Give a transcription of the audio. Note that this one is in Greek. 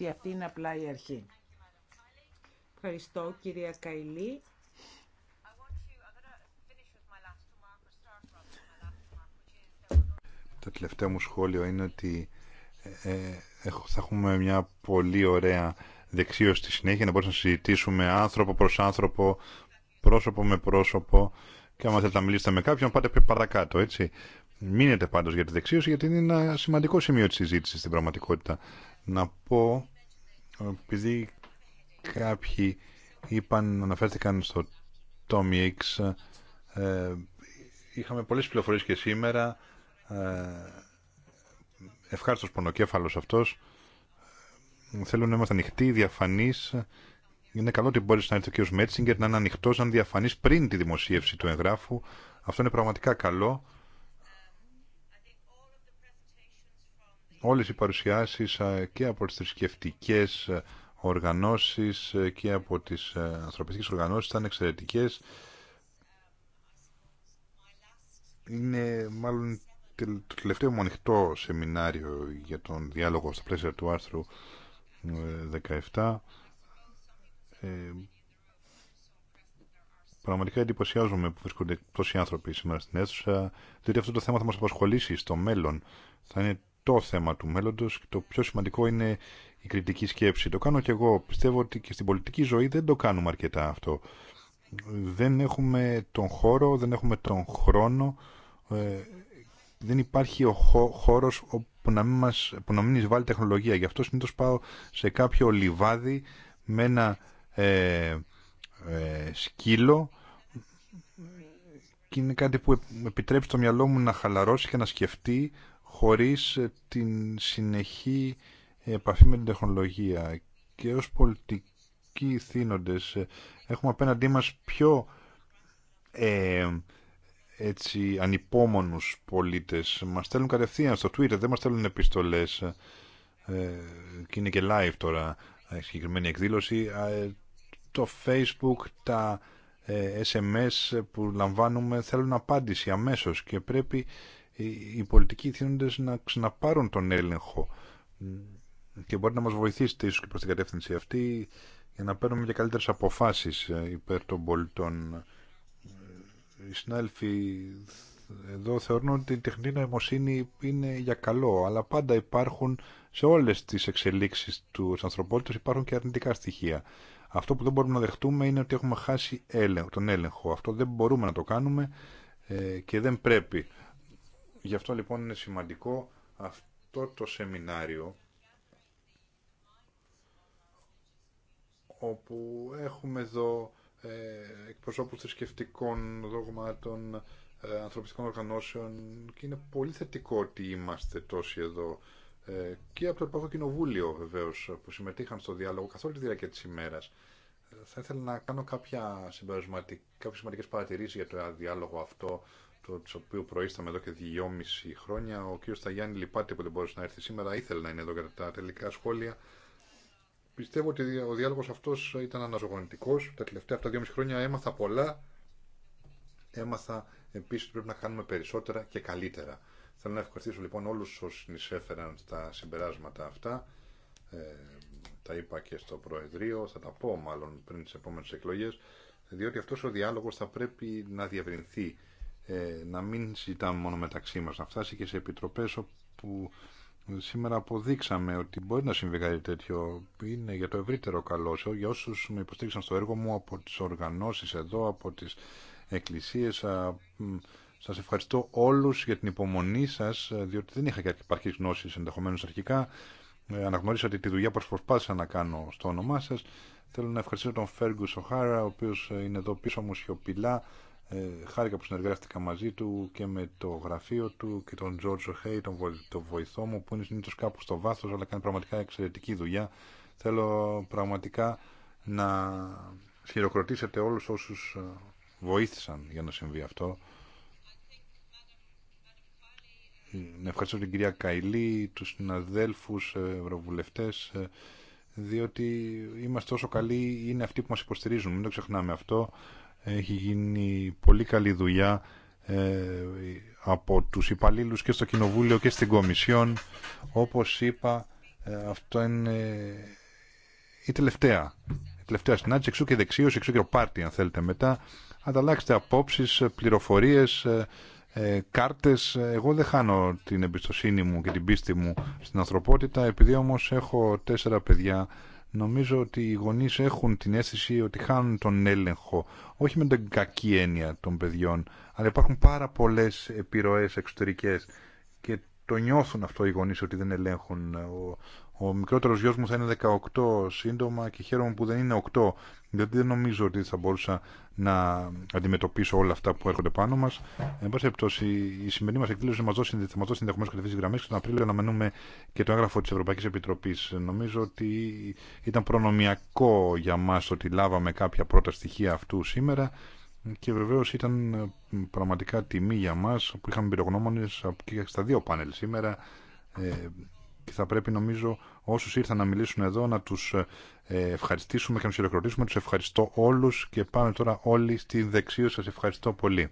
Και αυτή είναι απλά η αρχή. Ευχαριστώ κυρία Καϊλή. Το τελευταίο μου σχόλιο είναι ότι ε, ε, θα έχουμε μια πολύ ωραία δεξίωση στη συνέχεια να μπορούμε να συζητήσουμε άνθρωπο προς άνθρωπο, πρόσωπο με πρόσωπο και άμα θέλετε να μιλήσετε με κάποιον πάτε παρακάτω έτσι. Μείνετε πάντως για τη δεξίωση γιατί είναι ένα σημαντικό σημείο της συζήτησης στην πραγματικότητα. Να πω επειδή κάποιοι είπαν, αναφέρθηκαν στο Tommy X, ε, είχαμε πολλές πληροφορίες και σήμερα, ε, ευχάριστος πονοκέφαλος αυτός, θέλω να είμαστε ανοιχτοί, διαφανείς, είναι καλό ότι μπορείς να έρθει ο κ. Μέτσιγκερ να είναι ανοιχτό, να διαφανείς πριν τη δημοσίευση του εγγράφου. Αυτό είναι πραγματικά καλό. όλες οι παρουσιάσεις ε, και από τις θρησκευτικέ ε, οργανώσεις ε, και από τις ανθρωπιστικές οργανώσεις ήταν εξαιρετικές. Είναι μάλλον το τελευταίο μου ανοιχτό σεμινάριο για τον διάλογο στα πλαίσια του άρθρου 17. πραγματικά εντυπωσιάζομαι που βρίσκονται τόσοι άνθρωποι σήμερα στην αίθουσα, διότι αυτό το θέμα θα μας απασχολήσει στο μέλλον. Θα είναι το θέμα του μέλλοντος και το πιο σημαντικό είναι η κριτική σκέψη. Το κάνω και εγώ. Πιστεύω ότι και στην πολιτική ζωή δεν το κάνουμε αρκετά αυτό. Δεν έχουμε τον χώρο, δεν έχουμε τον χρόνο, ε, δεν υπάρχει ο χώρος που να μην, μας, που να μην εισβάλλει τεχνολογία. Γι' αυτό συνήθω πάω σε κάποιο λιβάδι με ένα ε, ε σκύλο και είναι κάτι που επιτρέπει στο μυαλό μου να χαλαρώσει και να σκεφτεί χωρίς ε, την συνεχή επαφή με την τεχνολογία. Και ως πολιτικοί θύνοντες ε, έχουμε απέναντί μας πιο ε, έτσι ανυπόμονους πολίτες. Μας στέλνουν κατευθείαν στο Twitter, δεν μας στέλνουν επιστολές ε, και είναι και live τώρα η ε, συγκεκριμένη εκδήλωση. Το Facebook, τα SMS που λαμβάνουμε θέλουν απάντηση αμέσως και πρέπει οι πολιτικοί θύνοντες να ξαναπάρουν τον έλεγχο και μπορεί να μας βοηθήσετε ίσως και προς την κατεύθυνση αυτή για να παίρνουμε και καλύτερες αποφάσεις ε, υπέρ των πολιτών. Οι συνάδελφοι εδώ θεωρούν ότι η τεχνητή νοημοσύνη είναι για καλό, αλλά πάντα υπάρχουν σε όλες τις εξελίξεις του ανθρωπότητας υπάρχουν και αρνητικά στοιχεία. Αυτό που δεν μπορούμε να δεχτούμε είναι ότι έχουμε χάσει τον έλεγχο. Αυτό δεν μπορούμε να το κάνουμε ε, και δεν πρέπει. Γι' αυτό λοιπόν είναι σημαντικό αυτό το σεμινάριο όπου έχουμε εδώ ε, εκπροσώπους θρησκευτικών δόγματων, ε, ανθρωπιστικών οργανώσεων και είναι πολύ θετικό ότι είμαστε τόσοι εδώ ε, και από το Ευρωπαϊκό Κοινοβούλιο βεβαίως που συμμετείχαν στο διάλογο καθ' όλη τη διάρκεια της ημέρας. Ε, θα ήθελα να κάνω κάποια συμπερασματικά, κάποιες σημαντικές παρατηρήσεις για το διάλογο αυτό το οποίο προείσταμε εδώ και δυόμιση χρόνια. Ο κ. Σταγιάννη λυπάται που δεν μπορούσε να έρθει σήμερα. Ήθελε να είναι εδώ κατά τα τελικά σχόλια. Πιστεύω ότι ο διάλογο αυτό ήταν αναζωογονητικό. Τα τελευταία αυτά δυόμιση χρόνια έμαθα πολλά. Έμαθα επίση ότι πρέπει να κάνουμε περισσότερα και καλύτερα. Θέλω να ευχαριστήσω λοιπόν όλου όσους συνεισέφεραν στα συμπεράσματα αυτά. Ε, τα είπα και στο Προεδρείο, θα τα πω μάλλον πριν τι επόμενε εκλογέ, διότι αυτό ο διάλογο θα πρέπει να διευρυνθεί ε, να μην συζητάμε μόνο μεταξύ μας, να φτάσει και σε επιτροπές όπου σήμερα αποδείξαμε ότι μπορεί να συμβεί κάτι τέτοιο. Είναι για το ευρύτερο καλό. Για όσους με υποστήριξαν στο έργο μου από τις οργανώσεις εδώ, από τις εκκλησίες, σας ευχαριστώ όλους για την υπομονή σας, διότι δεν είχα και επαρκή γνώση ενδεχομένως αρχικά. Ε, αναγνωρίσατε τη δουλειά που προσπάθησα να κάνω στο όνομά σας. Θέλω να ευχαριστήσω τον Φέργκου Σοχάρα, ο οποίος είναι εδώ πίσω μου σιωπηλά, ε, χάρηκα που συνεργάστηκα μαζί του και με το γραφείο του και τον Τζόρτζο Χέι, τον, βοηθό μου, που είναι συνήθω κάπου στο βάθο, αλλά κάνει πραγματικά εξαιρετική δουλειά. Θέλω πραγματικά να χειροκροτήσετε όλους όσους ε, βοήθησαν για να συμβεί αυτό. Να ευχαριστώ την κυρία Καϊλή τους συναδέλφους ε, ευρωβουλευτές, διότι είμαστε τόσο καλοί, είναι αυτοί που μας υποστηρίζουν, μην το ξεχνάμε αυτό. Έχει γίνει πολύ καλή δουλειά ε, από τους υπαλλήλους και στο Κοινοβούλιο και στην Κομισιόν. Όπως είπα, ε, αυτό είναι η τελευταία. Η τελευταία συνάντηση, εξού και δεξίωση, εξού και πάρτι αν θέλετε μετά. Ανταλλάξτε απόψεις, πληροφορίες, ε, κάρτες. Εγώ δεν χάνω την εμπιστοσύνη μου και την πίστη μου στην ανθρωπότητα, επειδή όμως έχω τέσσερα παιδιά Νομίζω ότι οι γονείς έχουν την αίσθηση ότι χάνουν τον έλεγχο, όχι με την κακή έννοια των παιδιών, αλλά υπάρχουν πάρα πολλές επιρροές εξωτερικές και το νιώθουν αυτό οι γονεί ότι δεν ελέγχουν. Ο, ο μικρότερος γιος μου θα είναι 18 σύντομα και χαίρομαι που δεν είναι 8, γιατί δεν νομίζω ότι θα μπορούσα να αντιμετωπίσω όλα αυτά που έρχονται πάνω μα. Εν πάση περιπτώσει, η σημερινή μα εκδήλωση μας δώσει, θα μα δώσει ενδεχομένω κατευθύνσεις γραμμές και τον Απρίλιο να μένουμε και το έγγραφο τη Ευρωπαϊκή Επιτροπή. Νομίζω ότι ήταν προνομιακό για μα ότι λάβαμε κάποια πρώτα στοιχεία αυτού σήμερα και βεβαίω ήταν ε, πραγματικά τιμή για μα που είχαμε πυρογνώμονε και στα δύο πάνελ σήμερα ε, και θα πρέπει νομίζω όσους ήρθαν να μιλήσουν εδώ να τους ε, ευχαριστήσουμε και να του χειροκροτήσουμε. Τους ευχαριστώ όλους και πάμε τώρα όλοι στη δεξίωση. σα ευχαριστώ πολύ.